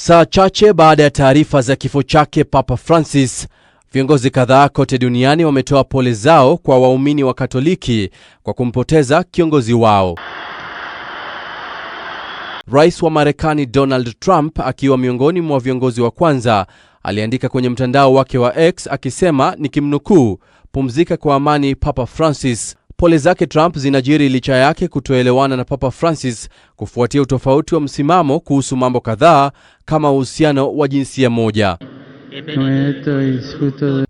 Saa chache baada ya taarifa za kifo chake Papa Francis, viongozi kadhaa kote duniani wametoa pole zao kwa waumini wa Katoliki kwa kumpoteza kiongozi wao. Rais wa Marekani Donald Trump akiwa miongoni mwa viongozi wa kwanza aliandika kwenye mtandao wake wa X akisema nikimnukuu, pumzika kwa amani Papa Francis, pole zake Trump zinajiri licha yake kutoelewana na Papa Francis kufuatia utofauti wa msimamo kuhusu mambo kadhaa kama uhusiano wa jinsia moja.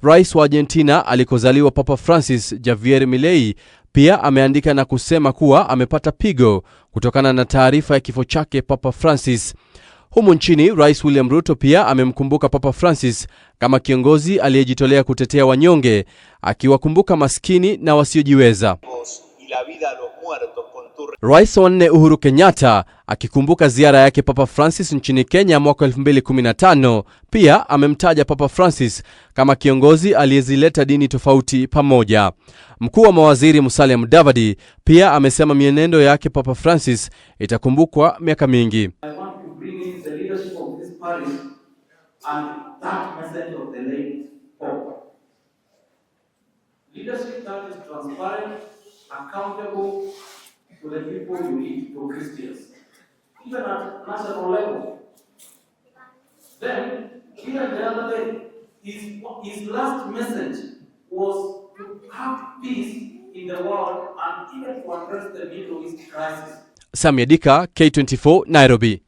Rais wa Argentina alikozaliwa Papa Francis, Javier Milei, pia ameandika na kusema kuwa amepata pigo kutokana na taarifa ya kifo chake Papa Francis. Humu nchini Rais William Ruto pia amemkumbuka Papa Francis kama kiongozi aliyejitolea kutetea wanyonge, akiwakumbuka maskini na wasiojiweza. Rais wa nne Uhuru Kenyatta akikumbuka ziara yake Papa Francis nchini Kenya mwaka 2015 pia amemtaja Papa Francis kama kiongozi aliyezileta dini tofauti pamoja. Mkuu wa mawaziri Musalia Mudavadi pia amesema mienendo yake Papa Francis itakumbukwa miaka mingi. leadership of this parish and that message of the late Pope. Leadership that is transparent, accountable to the people you lead, to Christians, even at national level. Then, here the other day, his, his last message was to have peace in the world and even to address the Middle East crisis. Samia Dika, K24, Nairobi.